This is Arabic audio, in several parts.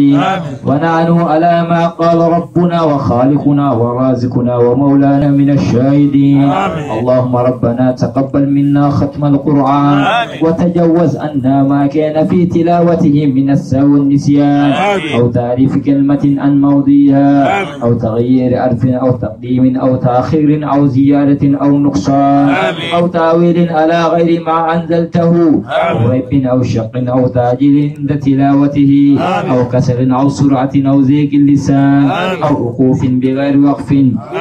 ونحن على ما قال ربنا وخالقنا ورازقنا ومولانا من الشاهدين اللهم ربنا تقبل منا ختم القرآن وتجوز عنا ما كان في تلاوته من السهو والنسيان أو تعريف كلمة عن آمين. أو تغيير عرف أو تقديم أو تأخير أو زيادة أو نقصان أو تعويل على غير ما أنزلته أو ريب أو شق أو تعجيل عند تلاوته أو كسر حسب أو سرعة أو ذيك اللسان أو وقوف بغير وقف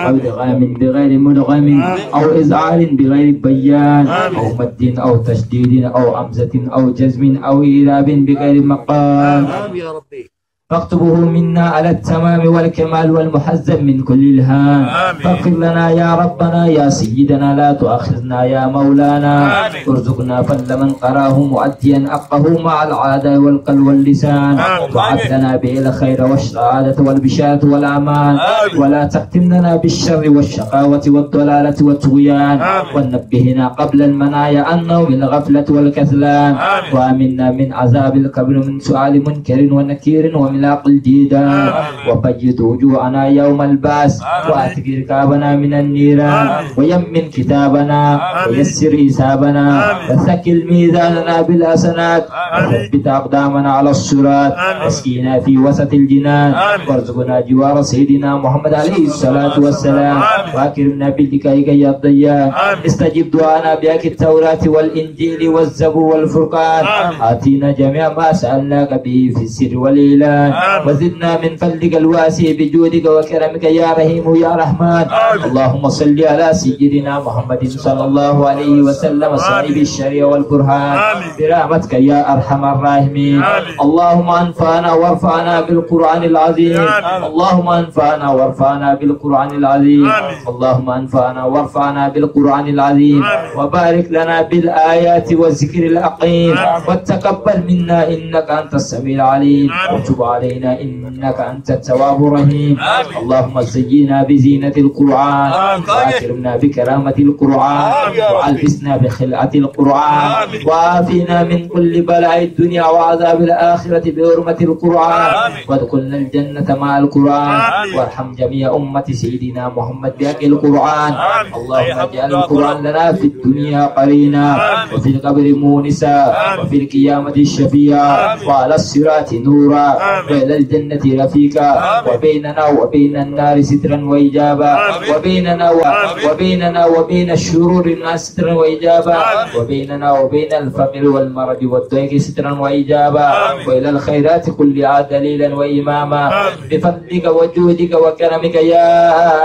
أو إدغام بغير مدغم أو إزعال بغير بيان أو مد أو تشديد أو أمزة أو جزم أو إيلاب بغير مقام يا ربي فاكتبه منا على التمام والكمال والمحزن من كل الهام فاغفر لنا يا ربنا يا سيدنا لا تؤاخذنا يا مولانا آمين. ارزقنا فل من قراه مؤديا حقه مع العادة والقلب واللسان وعد لنا به الخير والسعادة والبشارة والأمان آمين. ولا تختمنا بالشر والشقاوة والضلالة والطغيان ونبهنا قبل المنايا أنه من الغفلة والكسلان وأمنا من عذاب القبر من سؤال منكر ونكير ومن الأخلاق الجيدا وقيد وجوهنا يوم الباس وأتق ركابنا من النيران ويمن كتابنا ويسر حسابنا وثقل ميزاننا بالحسنات وثبت أقدامنا على الصراط واسقينا في وسط الجنان وارزقنا جوار سيدنا محمد عليه الصلاة والسلام وأكرمنا بلقائك يا الضياء استجب دعانا بأك التوراة والإنجيل والزبور والفرقان آتينا جميع ما سألناك به في السر والإعلان وزدنا من فضلك الواسع بجودك وكرمك يا رحيم يا رحمن اللهم صل على سيدنا محمد صلى الله عليه وسلم صاحب الشريعة والبرهان برحمتك يا أرحم الراحمين اللهم انفعنا وارفعنا بالقرآن العظيم اللهم انفعنا وارفعنا بالقرآن العظيم اللهم انفعنا وارفعنا بالقرآن العظيم وبارك لنا بالآيات والذكر الأقيم وتقبل منا إنك أنت السميع العليم وتب علينا إنك أنت التواب الرحيم اللهم زينا بزينة القرآن وأكرمنا بكرامة القرآن وألبسنا بخلعة القرآن وآفينا من كل بلاء الدنيا وعذاب الآخرة بحرمة القرآن وادخلنا الجنة مع القرآن وارحم جميع أمة سيدنا محمد بحق القرآن اللهم اجعل القرآن لنا في الدنيا قرينا وفي القبر مونسا وفي القيامة الشفيعا وعلى الصراط نورا بين الجنة رفيقا وبيننا وبين النار سترا وإجابا وبيننا وبيننا وبين الشرور الناس سترا وإجابا وبيننا وبين الفقر والمرض والضيق سترا وإجابا وإلى الخيرات كل دليلا وإماما بفضلك وجودك وكرمك يا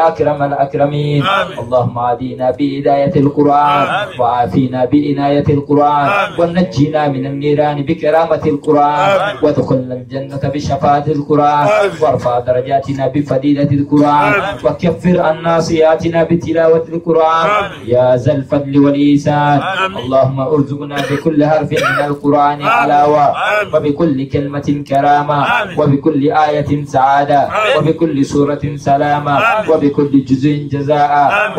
أكرم الأكرمين اللهم عادينا بإداية القرآن وعافينا بإناية القرآن ونجينا من النيران بكرامة القرآن وادخلنا الجنة بشر بشفاعة القرآن وارفع درجاتنا بفضيلة القرآن وكفر عنا سيئاتنا بتلاوة القرآن يا ذا الفضل والإيسان اللهم ارزقنا بكل حرف من القرآن حلاوة وبكل كلمة كرامة وبكل آية سعادة وبكل سورة سلامة وبكل جزء جزاء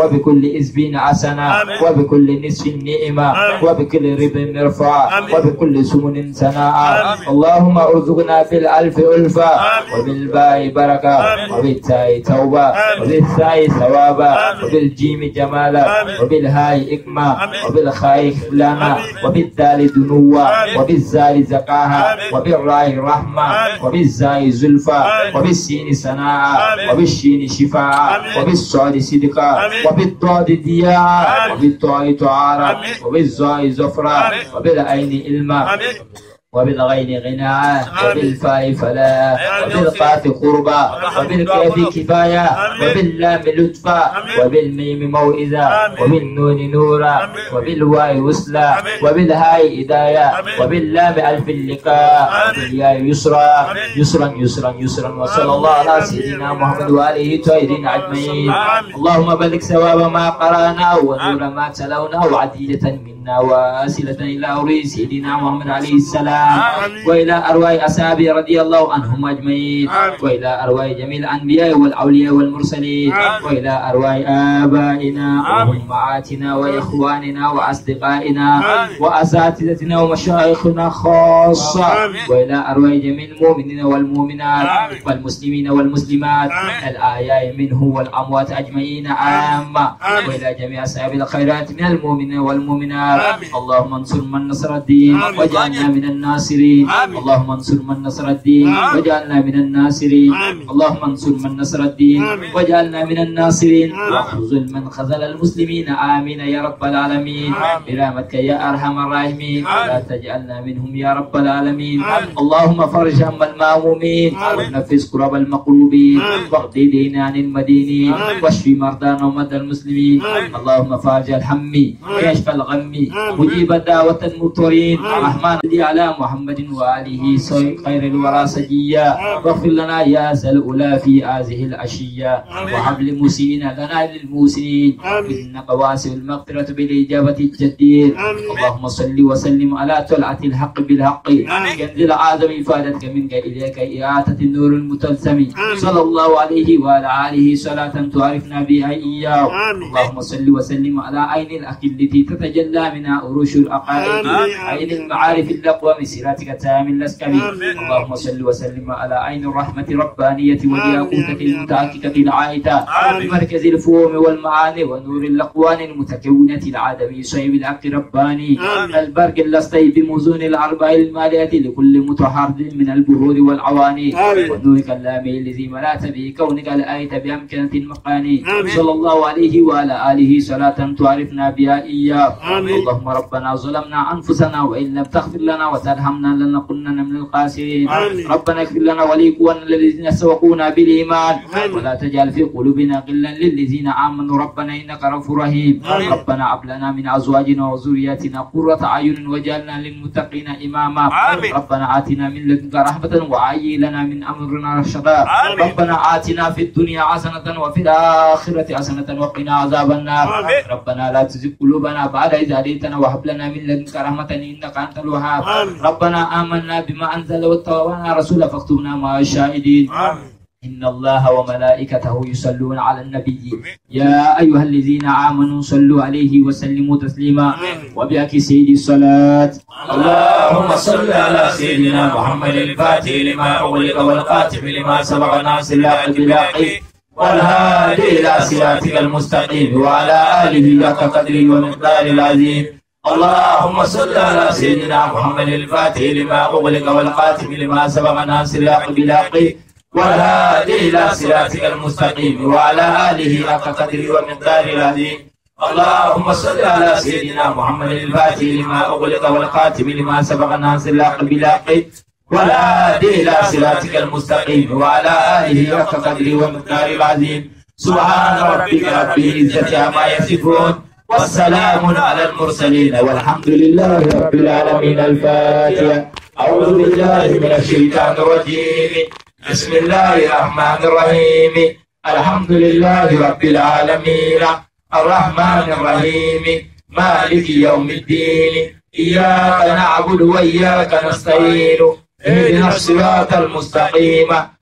وبكل إذب عسنة وبكل نصف نعمة وبكل رب مرفع وبكل سمن سناء اللهم ارزقنا بالألف الفا وبالباء بركة وبالتاء توبة وبالثاء ثوابا وبالجيم جمالا وبالهاء إكما وبالخاء خلانا وبالدال دنوة وبالزال زقاها وبالراء رحمة وبالزاي زلفى وبالسين سناء وبالشين شفاء وبالصاد صدقا وبالضاد دياء وبالطاء تعارى وبالزاي زفرة وبالعين علما وبالغين غنى وبالفاء فلا وبالقاف قربا وبالكاف كفاية وباللام لطفا وبالميم موئزا وبالنون نورا وبالواي وسلا وبالهاء هدايا وباللام ألف اللقاء وبالياء يسرا يسرا يسرا يسرا وصلى الله على سيدنا محمد وآله طاهرين أجمعين اللهم بلغ ثواب ما قرأنا ونور ما تلونا وعديدة منا واسلة إلى أوري سيدنا محمد عليه السلام السلام وإلى أرواح أصحابه رضي الله عنهم أجمعين وإلى أرواح جميع الأنبياء والأولياء والمرسلين وإلى أرواح آبائنا وأمهاتنا وإخواننا وأصدقائنا وأساتذتنا ومشايخنا خاصة وإلى أرواح جميع المؤمنين والمؤمنات والمسلمين والمسلمات الآياء منه والأموات أجمعين عامة وإلى جميع أصحاب الخيرات من المؤمنين والمؤمنات اللهم انصر من نصر الدين وجعلنا من النار الناصرين اللهم انصر من نصر الدين واجعلنا من الناصرين اللهم انصر من نصر الدين واجعلنا من الناصرين واخذل من خذل المسلمين امين يا رب العالمين برحمتك يا ارحم الراحمين لا تجعلنا منهم يا رب العالمين اللهم فرج هم المامومين ونفس كرب المقلوبين واقض دين عن المدينين واشف مرضانا ومرضى المسلمين اللهم فرج الهم ويشفى الغم مجيب دعوة المضطرين الرحمن الذي علام محمد وآله خير الورى سجيا واغفر لنا يا سلؤلا في هذه العشية وحبل مسيئين لنا للموسنين إنك قواس المغفرة بالإجابة الجدير اللهم صل وسلم على طلعة الحق بالحق كنز العظم فادتك منك إليك إعادة النور المتلسم صلى الله عليه وعلى آله صلاة تعرفنا بها إياه اللهم صل وسلم على عين الأكل التي تتجلى منها أروش الأقارب عين المعارف الأقوى بصراطك التام الأسكم اللهم صل وسلم على عين الرحمة الربانية والياقوتة المتاكده العائدة مركز الفوم والمعاني ونور الأقوان المتكونة العدم شيب الحق رباني البرق اللصي بموزون الأربع المالية لكل متحرد من البرود والعواني ونورك اللامي الذي ملأت به كونك الآية بأمكنة المقاني صلى الله عليه وعلى آله صلاة تعرفنا بها إياه اللهم ربنا ظلمنا أنفسنا وإن لم تغفر لنا وترحمنا أدهمنا لن كنا من الخاسرين ربنا اغفر لنا ولإخواننا الذين سبقونا بالإيمان ولا تجعل في قلوبنا غلا للذين آمنوا ربنا إنك غفور رحيم ربنا هب لنا من أزواجنا وذرياتنا قرة أعين وجعلنا للمتقين إماما ربنا آتنا من لدنك رحمة وعي لنا من أمرنا رشدا ربنا آتنا في الدنيا حسنة وفي الآخرة حسنة وقنا عذاب النار ربنا لا تزغ قلوبنا بعد إذ هديتنا وهب لنا من لدنك رحمة إنك أنت الوهاب ربنا آمنا بما أنزل واتبعنا رسوله فاكتبنا مع الشاهدين إن الله وملائكته يصلون على النبي يا أيها الذين آمنوا صلوا عليه وسلموا تسليما وبأك سيدي الصلاة اللهم صل على سيدنا محمد الفاتح لما أغلق والقاتم لما سبق الناس الحق بالحق والهادي إلى صراطك المستقيم وعلى آله حق قدري ومقدار العظيم اللهم صل على سيدنا محمد الفاتح لما أغلق والقاتم لما سبق ناصر الحق بالحق والهادي إلى صراطك المستقيم وعلى آله حق قدره ومقدار العظيم اللهم صل على سيدنا محمد الفاتح لما أغلق والقاتم لما سبق ناصر الحق بالحق والهادي إلى صراطك المستقيم وعلى آله حق قدره ومقدار العظيم سبحان ربك رب العزة عما يصفون وسلام على المرسلين والحمد لله رب العالمين الفاتحة أعوذ بالله من الشيطان الرجيم بسم الله الرحمن الرحيم الحمد لله رب العالمين الرحمن الرحيم مالك يوم الدين إياك نعبد وإياك نستعين اهدنا الصراط المستقيم